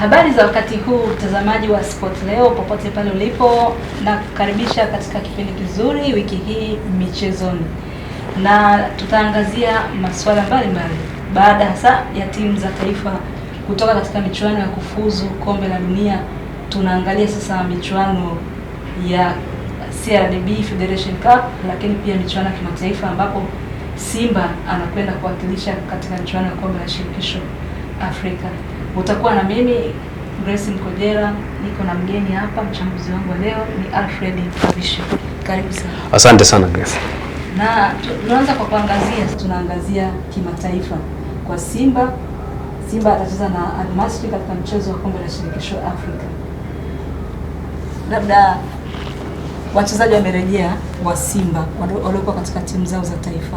Habari za wakati huu mtazamaji wa Sport Leo popote pale ulipo, na kukaribisha katika kipindi kizuri wiki hii michezoni, na tutaangazia masuala mbalimbali baada hasa ya timu za taifa kutoka katika michuano ya kufuzu kombe la dunia. Tunaangalia sasa michuano ya CRDB Federation Cup, lakini pia michuano ya kimataifa ambapo Simba anakwenda kuwakilisha katika michuano ya kombe la shirikisho Afrika. Utakuwa na mimi Grace Mkojera, niko na mgeni hapa, mchambuzi wangu wa leo ni Alfred Kavisho. Karibu sana. Asante sana Grace. Na tunaanza kwa kuangazia, tunaangazia kimataifa kwa Simba. Simba atacheza na Al Masry katika mchezo wa kombe la shirikisho Afrika. Labda wachezaji wamerejea wa Simba waliokuwa katika timu zao za taifa.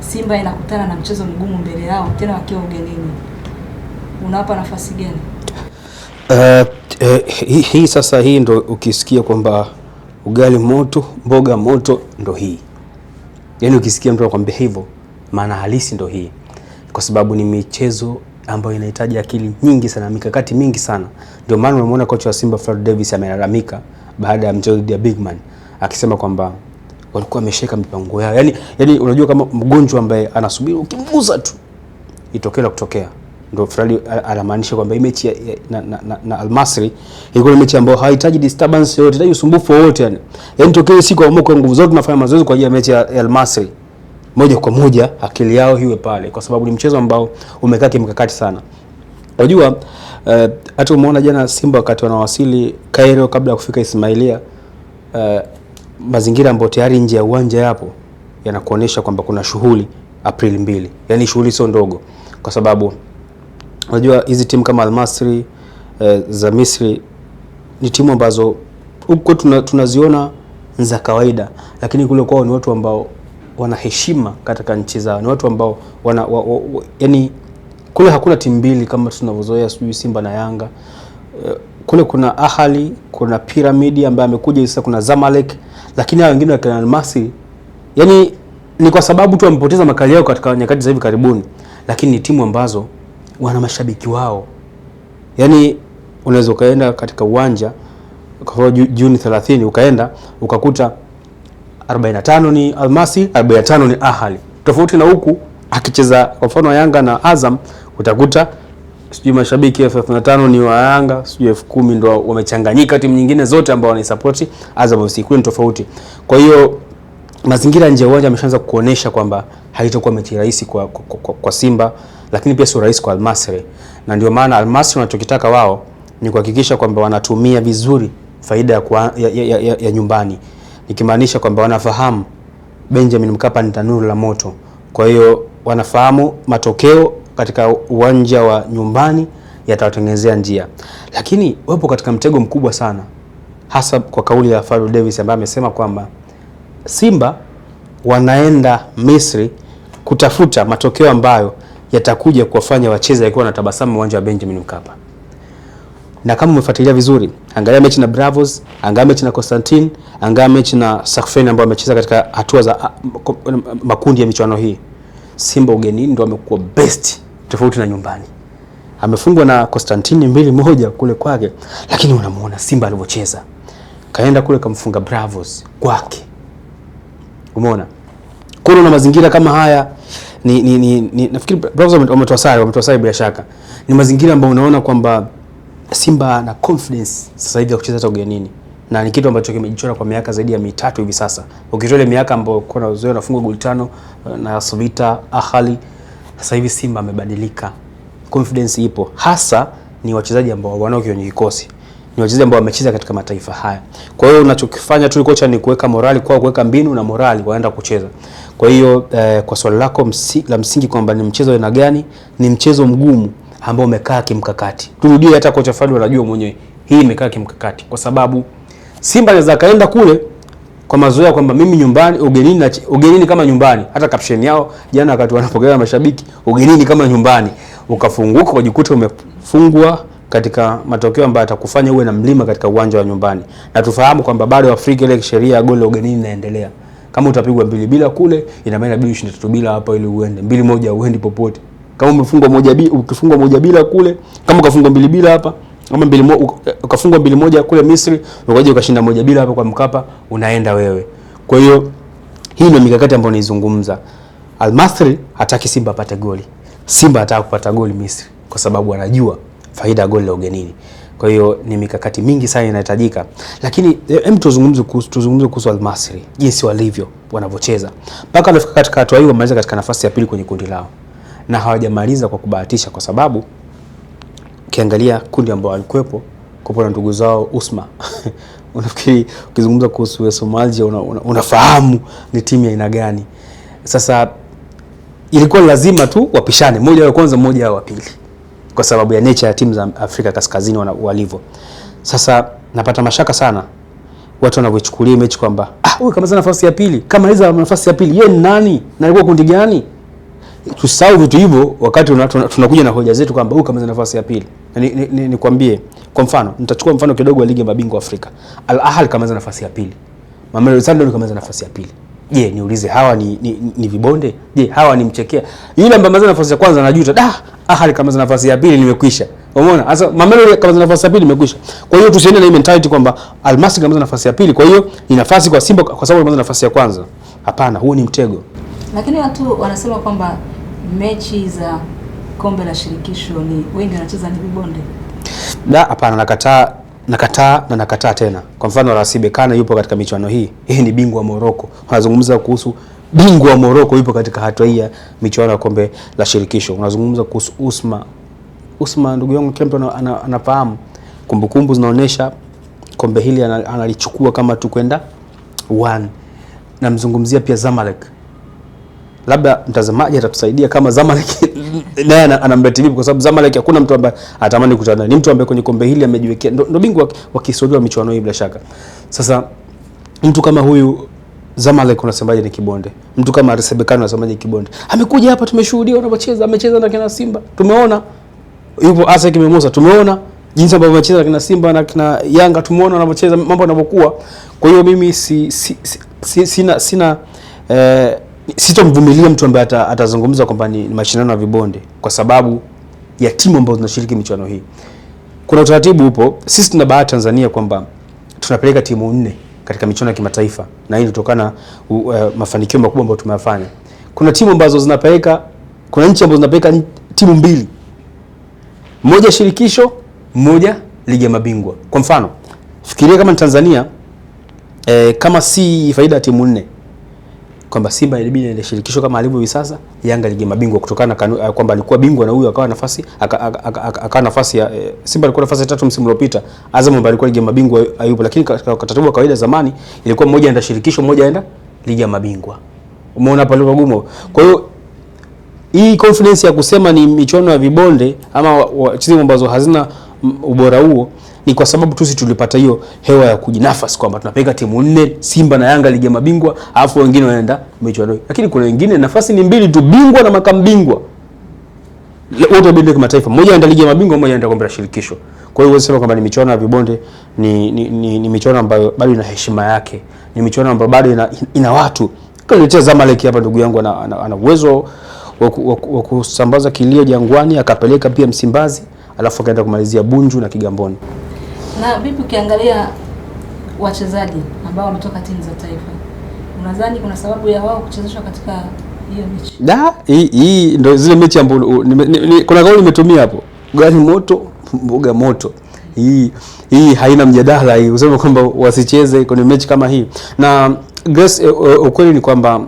Simba inakutana na mchezo mgumu mbele yao tena wakiwa ugenini unawapa nafasi gani? Uh, hii sasa hii ndo ukisikia kwamba ugali moto mboga moto ndo hii, yaani ukisikia mtu anakuambia hivyo, maana halisi ndo hii, kwa sababu ni michezo ambayo inahitaji akili nyingi sana, mikakati mingi sana. Ndio maana umemwona kocha wa Simba Fred Davis amelalamika baada ya mchezo dhidi ya Man akisema kwamba walikuwa wameshika mipango yao, yaani yaani, unajua kama mgonjwa ambaye anasubiri ukimguza tu itokee la kutokea ndio Frali anamaanisha kwamba hii mechi na, na, na, na Almasri ilikuwa ni mechi ambayo haihitaji disturbance yoyote, haihitaji usumbufu wowote yani. Yaani tokee siku ambayo kwa nguvu zote tunafanya mazoezi kwa ajili ya mechi ya Almasri, moja kwa moja akili yao hiwe pale, kwa sababu ni mchezo ambao umekaa kimkakati sana. Unajua e, hata uh, umeona jana Simba wakati wanawasili Cairo kabla ya kufika Ismailia uh, mazingira ambayo tayari nje ya uwanja yapo yanakuonesha kwamba kuna shughuli Aprili mbili, yaani shughuli sio ndogo kwa sababu Unajua hizi timu kama Almasri e, za Misri ni timu ambazo huko tuna, tunaziona za kawaida, lakini kule kwao ni watu ambao wana heshima katika nchi zao, ni watu ambao wana, wa, wa, wa, yani kule hakuna timu mbili kama tunavyozoea sijui Simba na Yanga. Eh, kule kuna Ahali, kuna Piramidi ambaye amekuja sasa, kuna Zamalek, lakini hao wengine wakina Almasi, yani ni kwa sababu tu wamepoteza makali yao katika nyakati za hivi karibuni, lakini ni timu ambazo wana mashabiki wao. Yaani unaweza ukaenda katika uwanja kwa Juni 30 ukaenda ukakuta 45 ni Almasi, 45 ni Ahali, tofauti na huku akicheza kwa mfano Yanga na Azam utakuta sijui mashabiki elfu thelathini na tano ni wa Yanga, sijui elfu kumi ndo wamechanganyika timu nyingine zote ambao wanaisapoti Azam FC, ni tofauti. Kwa hiyo mazingira nje ya uwanja ameshaanza kuonesha kwamba haitakuwa mechi rahisi kwa, kwa, kwa, kwa Simba lakini pia sio rahisi kwa Almasri, na ndio maana Almasri wanachokitaka wao ni kuhakikisha kwamba wanatumia vizuri faida ya, kwa, ya, ya, ya, ya nyumbani, nikimaanisha kwamba wanafahamu Benjamin Mkapa ni tanuru la moto. Kwa hiyo wanafahamu matokeo katika uwanja wa nyumbani yatawatengenezea njia, lakini wapo katika mtego mkubwa sana, hasa kwa kauli ya Faru Davis ambaye amesema kwamba Simba wanaenda Misri kutafuta matokeo ambayo yatakuja kuwafanya wacheze akiwa na tabasamu uwanja wa Benjamin Mkapa. Na kama umefuatilia vizuri, angalia mechi na Bravos, angalia mechi na Constantine, angalia mechi na Safin ambao wamecheza katika hatua za uh, makundi ya michuano hii. Simba ugenini ndio amekuwa best tofauti na nyumbani. Amefungwa na Constantine mbili moja kule kwake, lakini unamuona Simba alivyocheza. Kaenda kule kamfunga Bravos kwake. Umeona? Kuna mazingira kama haya ni, ni, ni, ni nafikiri Braves wametoa sare, wametoa sare bila shaka. Ni mazingira ambayo unaona kwamba Simba na confidence sasa hivi ya kucheza hata ugenini na ni kitu ambacho kimejichora kwa miaka zaidi ya mitatu hivi sasa. Ukitoa ile miaka ambayo kuna uzoe nafunga goli tano eh, na Sovita Ahali, sasa hivi Simba amebadilika, confidence ipo, hasa ni wachezaji ambao wanao kwenye kikosi ni wachezaji ambao wamecheza katika mataifa haya. Kwa hiyo unachokifanya tu kocha ni kuweka morali kwao, kuweka mbinu na morali, waenda kucheza. Kwa hiyo eh, kwa swali lako msi, la msingi kwamba ni mchezo aina gani, ni mchezo mgumu ambao umekaa kimkakati. Turudie, hata kocha Fadlu anajua mwenyewe hii imekaa kimkakati, kwa sababu Simba anaweza kaenda kule kwa mazoea kwamba mimi nyumbani, ugenini ugenini kama nyumbani. Hata caption yao jana wakati wanapokelewa mashabiki, ugenini kama nyumbani, ukafunguka ukajikuta umefungwa katika matokeo ambayo atakufanya uwe na mlima katika uwanja wa nyumbani, na tufahamu kwamba bado Afrika ile sheria ya goli ugenini inaendelea. Kama utapigwa mbili bila kule, ina maana inabidi ushinde tatu bila hapa ili uende. Mbili moja uende popote. Kama umefungwa moja bila, ukifungwa moja bila kule, kama ukafungwa mbili bila hapa, kama mbili moja ukafungwa mbili moja kule Misri, ukaje ukashinda moja bila hapa kwa Mkapa, unaenda wewe. Kwa hiyo hii ndio mikakati ambayo naizungumza. Al-Masri hataki Simba apate goli. Simba hataka kupata goli Misri kwa sababu anajua faida ya goli la ugenini. Kwa hiyo ni mikakati mingi sana inahitajika, lakini eh, hem, tuzungumze kuhusu tuzungumze kuhusu Almasri, jinsi walivyo wanavyocheza mpaka wanafika katika hatua hii, wamaliza katika nafasi ya pili kwenye kundi lao, na hawajamaliza kwa kubahatisha, kwa sababu ukiangalia kundi ambao walikuwepo kwa na ndugu zao Usma unafikiri ukizungumza kuhusu Somalia una, una, unafahamu ni timu ya aina gani? Sasa ilikuwa lazima tu wapishane, moja wa kwanza, moja wa pili kwa sababu ya nature ya timu za Afrika Kaskazini walivyo. Sasa napata mashaka sana watu wanavyochukulia mechi kwamba ah, huyu kama nafasi ya pili, kama hizo nafasi ya pili, yeye ni nani na alikuwa kundi gani? Tusahau vitu hivyo wakati tunakuja na hoja zetu kwamba huyu kama nafasi ya pili. Nikwambie ni, ni, ni kwa mfano, nitachukua mfano kidogo wa ligi ya mabingwa Afrika. Al Ahly kama nafasi ya pili, Mamelodi Sundowns kama nafasi ya pili. Je, niulize hawa ni, ni, ni vibonde? Je, hawa ni mchekea? Yule ambaye nafasi ya kwanza anajuta, da ah, Ahali kama zina nafasi ya pili nimekwisha. Umeona? Sasa Mamelodi kama zina nafasi ya pili nimekwisha. Kwa hiyo tusiende na hii mentality kwamba Almasi kama zina nafasi ya pili, kwa hiyo ni nafasi kwa Simba kwa sababu kama nafasi ya kwanza. Hapana, huo ni mtego. Lakini watu wanasema kwamba mechi za kombe la shirikisho ni wengi wanacheza ni vibonde. Da, hapana, nakataa nakataa na nakataa tena. Kwa mfano RS Berkane yupo katika michuano hii. Yeye ni bingwa wa Morocco. Wanazungumza kuhusu bingwa wa Morocco yupo katika hatua hii ya michuano ya kombe la shirikisho. Unazungumza kuhusu Usma. Usma, ndugu yangu, kila mtu anafahamu, kumbukumbu zinaonyesha kombe hili analichukua kama tu kwenda one. Namzungumzia pia Zamalek, labda mtazamaji atatusaidia kama Zamalek naye anamreti vipi, kwa sababu Zamalek hakuna mtu ambaye atamani kukutana Ni mtu ambaye kwenye kombe hili amejiwekea, ndo bingwa wa kihistoria wa michuano hii bila shaka. Sasa mtu kama huyu Zamalek unasemaje ni kibonde? Mtu kama Arisebekano unasemaje kibonde? Amekuja hapa tumeshuhudia wanapocheza, amecheza na kina Simba. Tumeona. Yupo Asek Mimosa tumeona jinsi ambavyo wanacheza na kina Simba na kina Yanga tumeona wanapocheza mambo yanavyokuwa. Kwa hiyo mimi si, si, si, si, sina sina eh, sitomvumilia mtu ambaye atazungumza kwamba ni mashindano ya vibonde kwa sababu ya timu ambazo zinashiriki michuano hii. Kuna utaratibu upo. Sisi tuna bahati Tanzania kwamba tunapeleka timu nne katika michuano ya kimataifa, na hii inatokana uh, mafanikio makubwa ambayo tumeyafanya. Kuna timu ambazo zinapeleka, kuna nchi ambazo zinapeleka timu mbili, moja shirikisho, moja ligi ya mabingwa. Kwa mfano fikiria kama Tanzania eh, kama si faida ya timu nne kwamba Simba ilibidi aende shirikisho kama alivyo hivi sasa. Yanga ligi mabingwa kutokana eh, kwamba alikuwa bingwa na huyu akawa nafasi akawa nafasi ya e, Simba alikuwa nafasi ya tatu msimu uliopita. Azam ambaye alikuwa ligi mabingwa hayupo, lakini katika taratibu ya kawaida zamani ilikuwa mmoja aenda shirikisho, mmoja aenda ligi ya mabingwa. Umeona pale magumu. Kwa hiyo hii confidence ya kusema ni michuano ya vibonde ama timu ambazo hazina ubora huo ni kwa sababu tu sisi tulipata hiyo hewa ya kujinafasi kwamba tunapeleka timu nne, Simba na Yanga ligi ya mabingwa, alafu wengine wanaenda mechi wadogo. Lakini kuna wengine nafasi ni mbili tu, bingwa na makambingwa wote wabebe kimataifa, mmoja anaenda ligi ya mabingwa, mmoja anaenda kombe la shirikisho. Kwa hiyo sema kwamba ni michuano ya vibonde ni, ni, ni, ni michuano ambayo bado ina heshima yake, ni michuano ambayo bado ina, ina watu kaniletea Zamalek hapa, ndugu yangu ana uwezo wa kusambaza kilio Jangwani, akapeleka pia Msimbazi, alafu akaenda kumalizia Bunju na Kigamboni. Na vipi ukiangalia wachezaji ambao wametoka timu za taifa, unadhani kuna sababu ya wao kuchezeshwa katika hiyo mechi? Da, hii hii ndio zile mechi ambapo kuna kauli nimetumia hapo, gari moto mboga moto. Hii hii haina mjadala hii, useme kwamba wasicheze kwenye mechi kama hii. Na Grace, ukweli ni kwamba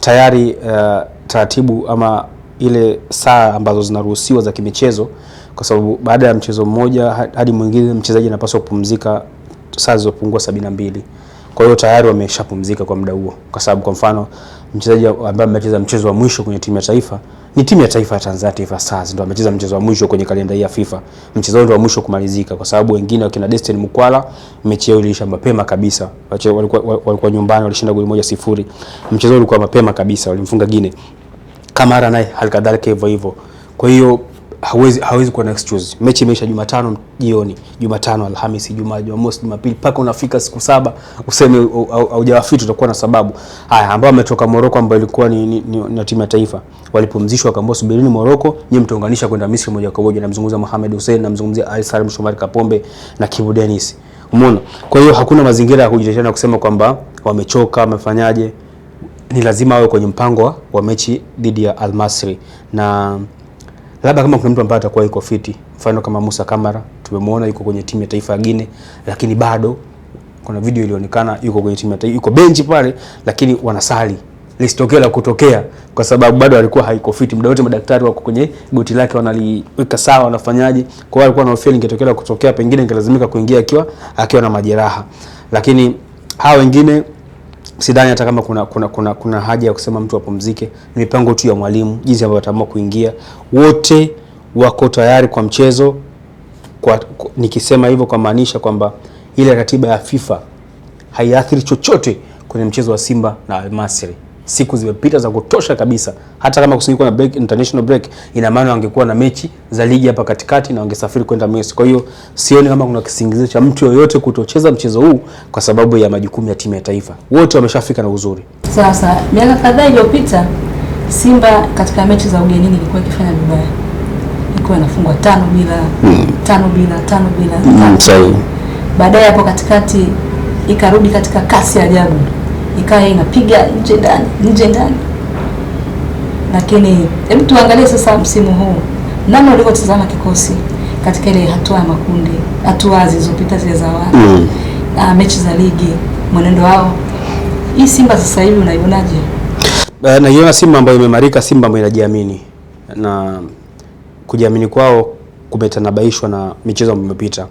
tayari uh, taratibu ama ile saa ambazo zinaruhusiwa za kimichezo kwa sababu baada ya mchezo mmoja hadi mwingine mchezaji anapaswa kupumzika saa zilizopungua sabini na mbili. Kwa hiyo tayari wameshapumzika kwa muda huo, kwa sababu kwa mfano mchezaji ambaye amecheza mchezo wa mwisho kwenye timu ya taifa ni timu ya taifa ya Tanzania Taifa Stars, ndio amecheza mchezo wa mwisho kwenye kalenda hii ya FIFA. Mchezo wao ndio wa mwisho kumalizika, kwa sababu wengine wakina Destin Mkwala mechi yao iliisha mapema kabisa, walikuwa walikuwa nyumbani, walishinda goli moja sifuri. Mchezo ulikuwa mapema kabisa, walimfunga Gine. Kamara naye halikadhalika hivyo hivyo. Kwa hiyo hawezi, hawezi kuwa na excuse. Mechi imeisha Jumatano jioni, Jumatano, Alhamisi, Juma, Jumamosi, Jumapili, mpaka unafika siku saba useme haujawafiti, utakuwa na sababu. Haya, ambao wametoka Morocco ambao ilikuwa ni, ni, ni, ni timu ya taifa walipumzishwa, wakaambiwa subirini Morocco, nyinyi mtaunganisha kwenda Misri moja kwa moja. Namzungumza Mohamed Hussein, namzungumzia Ali Salim Shomari Kapombe na Kibu Dennis, umeona. Kwa hiyo hakuna mazingira ya kujitetea na kusema kwamba wamechoka, wamefanyaje. Ni lazima wawe kwenye mpango wa mechi dhidi ya Al masri na labda kama kuna mtu ambaye atakuwa yuko fiti, mfano kama Musa Kamara tumemwona yuko kwenye timu ya taifa ya Gine, lakini bado kuna video ilionekana yuko kwenye timu ya taifa, yuko benchi pale, lakini wanasali lisitokea la kutokea, kwa sababu bado alikuwa haiko fiti. Muda wote madaktari wako kwenye goti lake, wanaliweka sawa, wanafanyaje. Kwa hiyo alikuwa na hofu ingetokea la kutokea, pengine ingelazimika kuingia akiwa akiwa na majeraha, lakini hawa wengine sidhani hata kama kuna, kuna, kuna, kuna haja ya kusema mtu apumzike. Ni mipango tu ya mwalimu, jinsi ambavyo ataamua kuingia. Wote wako tayari kwa mchezo kwa, kwa, nikisema hivyo kwa maanisha kwamba ile ratiba ya FIFA haiathiri chochote kwenye mchezo wa Simba na almasri siku zimepita za kutosha kabisa. Hata kama kusingekuwa na break, international break, ina maana wangekuwa na mechi za ligi hapa katikati na wangesafiri kwenda Messi. Kwa hiyo sioni kama kuna kisingizio cha mtu yoyote kutocheza mchezo huu kwa sababu ya majukumu ya timu ya taifa. Wote wameshafika na uzuri. Sasa miaka kadhaa iliyopita, Simba katika mechi za ugenini ilikuwa ikifanya vibaya, ilikuwa inafungwa tano bila mm. tano bila tano bila mm, Baadaye hapo katikati ikarudi katika kasi ya ajabu ikae inapiga nje ndani nje ndani. Lakini hebu tuangalie sasa msimu huu namna ulivyotazama kikosi katika ile hatua ya makundi, hatua zilizopita zile za awali mm. Uh, mechi za ligi, mwenendo wao, hii Simba sasa hivi unaionaje? Uh, naiona Simba ambayo imemarika, Simba ambayo inajiamini na kujiamini kwao kumetanabaishwa na michezo ambayo imepita.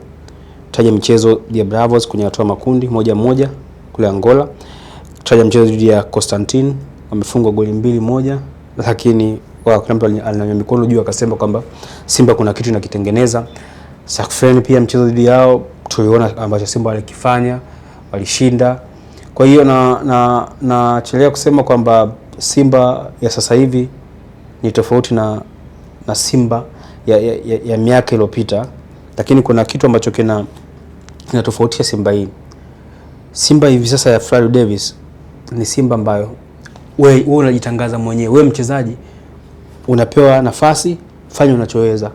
Taja michezo ya Bravos kwenye hatua makundi moja moja kule Angola Tutaja mchezo dhidi ya Constantine wamefungwa goli mbili moja, lakini kuna mtu alinyanyua mikono juu akasema kwamba Simba kuna kitu inakitengeneza. Sakfen pia mchezo dhidi yao tuliona ambacho Simba walikifanya, walishinda. Kwa hiyo na na nachelea kusema kwamba Simba ya sasa hivi ni tofauti na na Simba ya, ya, ya, ya miaka iliyopita, lakini kuna kitu ambacho kina kinatofautisha Simba hii. Simba hivi sasa ya Fred Davis ni Simba ambayo wewe unajitangaza mwenyewe, wewe mchezaji unapewa nafasi, fanya unachoweza,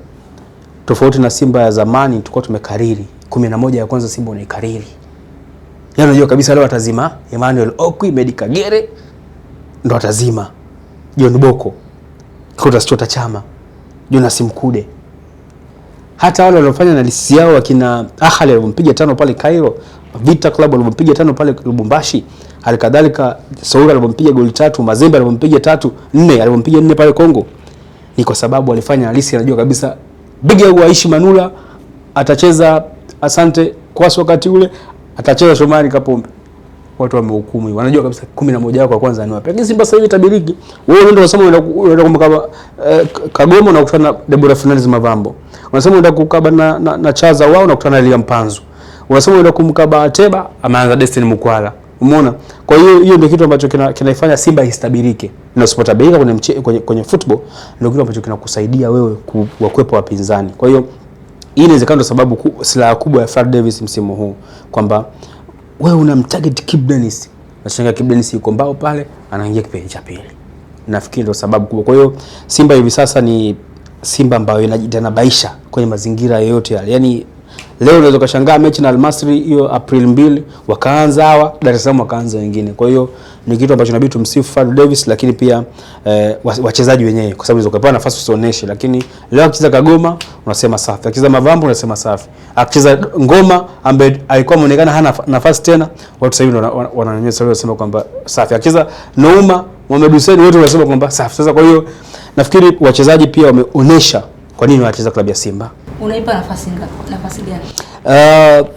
tofauti na Simba ya zamani tulikuwa tumekariri kumi moja ya kwanza Simba unaikariri, yaani unajua kabisa leo atazima Emmanuel Okwi, Medi Kagere ndo atazima, John Boko, Clatous Chota Chama, Jonas Mkude hata wale waliofanya na lisi yao wakina Ahali waliompiga tano pale Cairo, Vita Club waliompiga tano pale Lubumbashi, Halikadhalika Sauli alipompiga goli tatu, Mazembe alipompiga tatu nne, alipompiga nne pale Kongo, ni kwa sababu alifanya halisi, anajua kabisa bigi au aishi Manula atacheza Asante Kwasi wakati ule atacheza Shomari Kapombe. Watu wamehukumu hiyo, wanajua kabisa 11 yako ya kwanza ni wapi. Lakini Simba sasa hivi tabiriki, wewe unaenda unasema unaenda kumkaba eh, Kagoma na kukutana na Deborah Fernandez Mavambo, unasema unaenda kukaba na, na, na Chaza wao na kukutana na Liam Mpanzu, unasema unaenda kumkaba Ateba ameanza Destiny Mukwala Umeona? Kwa hiyo hiyo ndio kitu ambacho kinaifanya Simba istabirike Na usipotabirika kwenye, kwenye, kwenye football ndio kitu ambacho kinakusaidia wewe kuwakwepa wapinzani. Kwa hiyo hii inawezekana ndio sababu ku, silaha kubwa ya Fred Davis msimu huu kwamba wewe unamtarget Kibu Denis. Unashangaa Kibu Denis yuko mbao pale anaingia kipindi cha pili. Nafikiri ndio sababu kubwa. Kwa hiyo Simba hivi sasa ni Simba ambayo inajitanabaisha kwenye mazingira yoyote yale. yani Leo unaweza ukashangaa mechi na Almasri hiyo April mbili wakaanza hawa, Dar es Salaam wakaanza wengine. Kwa hiyo ni kitu ambacho inabidi tumsifu Fadlu Davis, lakini pia eh, wachezaji wenyewe, kwa sababu ukapewa nafasi usioneshe. Lakini leo akicheza Kagoma unasema safi, akicheza Mavambo unasema safi, akicheza Ngoma ambaye alikuwa ameonekana hana nafasi tena, watu sasa hivi wananyanyasa, wanasema kwamba safi, akicheza Nouma Mohamed Hussein wote wanasema kwamba safi. Sasa kwa hiyo nafikiri wachezaji pia wameonesha kwa nini wanacheza klabu ya Simba unaipa nafasi ngapi? Nafasi gani? Uh,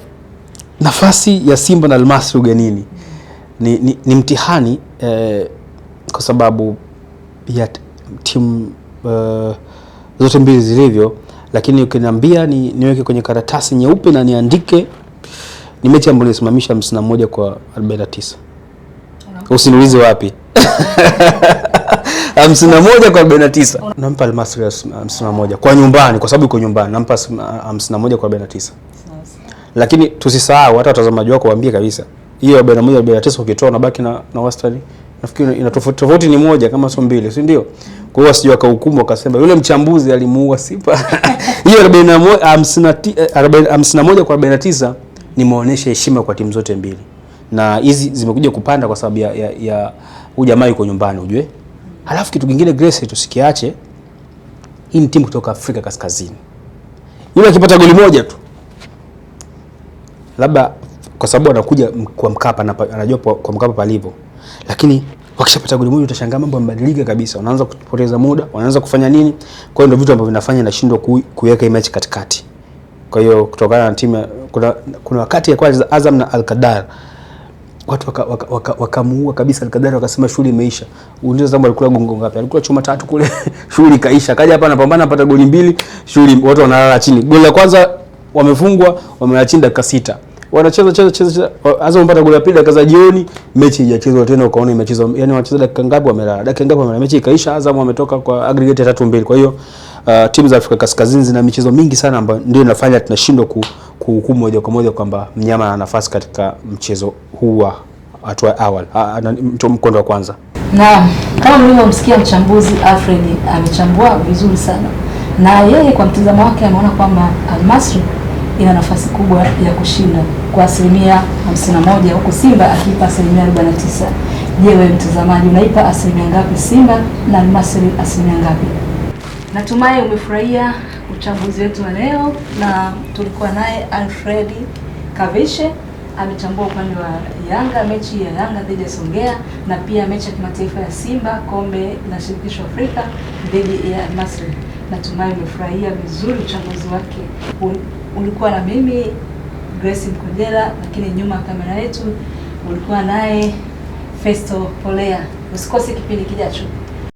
nafasi ya Simba na Almasi ugenini ni, ni, ni mtihani eh, kwa sababu ya timu uh, zote mbili zilivyo, lakini ukiniambia ni, niweke kwenye karatasi nyeupe na niandike, ni mechi ambayo nilisimamisha 51 kwa 49. Usiniulize wapi hamsini na moja kwa arobaini na tisa nampa Almasri hamsini na moja kwa nyumbani, kwa sababu iko nyumbani, nampa hamsini na moja kwa arobaini na tisa Lakini tusisahau hata watazamaji wako waambie kabisa, hiyo arobaini na moja arobaini na tisa ukitoa unabaki na, na wastani nafikiri ina tofauti tofauti ni moja kama sio mbili, si ndio? Kwa hiyo wasije wakahukumu akasema yule mchambuzi alimuua Sipa. Hiyo 51 eh, kwa 49 ni muonesha heshima kwa timu zote mbili, na hizi zimekuja kupanda kwa sababu ya ya, ya ujamaa yuko nyumbani, ujue Halafu kitu kingine Grace, tusikiache, hii ni timu kutoka Afrika Kaskazini. Yule akipata goli moja tu, labda kwa sababu anakuja kwa Mkapa na anajua kwa Mkapa palivyo, lakini wakishapata goli moja utashangaa mambo yamebadilika kabisa, wanaanza kupoteza muda, wanaanza kufanya nini. Kwa hiyo ndio vitu ambavyo vinafanya nashindwa kuweka mechi katikati. Kwa hiyo kutokana na timu kuna, kuna wakati ya kwanza Azam na Al Qadar watu wakamuua waka, waka, waka kabisa, Alkadari wakasema shughuli imeisha. Uliza zamu alikula gongo ngapi? Alikula chuma tatu kule, shughuli ikaisha. Kaja hapa anapambana, apata goli mbili, shughuli watu wanalala chini. Goli la kwanza wamefungwa, wamelala chini dakika sita wanacheza cheza cheza, Azam mpata goli la pili dakika za jioni, mechi haijachezwa tena, ukaona imechezwa. Yani wanacheza dakika ngapi, wamelala dakika ngapi, wamelala, mechi ikaisha. Azam wametoka kwa aggregate ya 3-2 kwa hiyo uh, timu za Afrika Kaskazini zina michezo mingi sana ambayo ndio inafanya tunashindwa kuhukumu moja kwa moja kwamba mnyama ana nafasi katika mchezo huu wa hatua ya awali ah, ah, mkondo wa kwanza. Naam, kama mlivyomsikia mchambuzi Alfred amechambua vizuri sana, na yeye kwa mtazamo wake ameona kwamba Almasri ina nafasi kubwa ya kushinda kwa asilimia 51 huku Simba akiipa asilimia 49. Je, wewe mtazamaji unaipa asilimia ngapi Simba na Almasri asilimia ngapi? Natumai umefurahia uchambuzi wetu wa leo, na tulikuwa naye alfred Kavishe amechambua upande wa Yanga, mechi ya Yanga dhidi ya Songea na pia mechi ya kimataifa ya Simba kombe la shirikisho Afrika dhidi ya Masri. Natumai umefurahia vizuri uchambuzi wake. Ulikuwa na mimi Grace Mkojela, lakini nyuma ya kamera yetu ulikuwa naye Festo Polea. Usikose kipindi kijacho.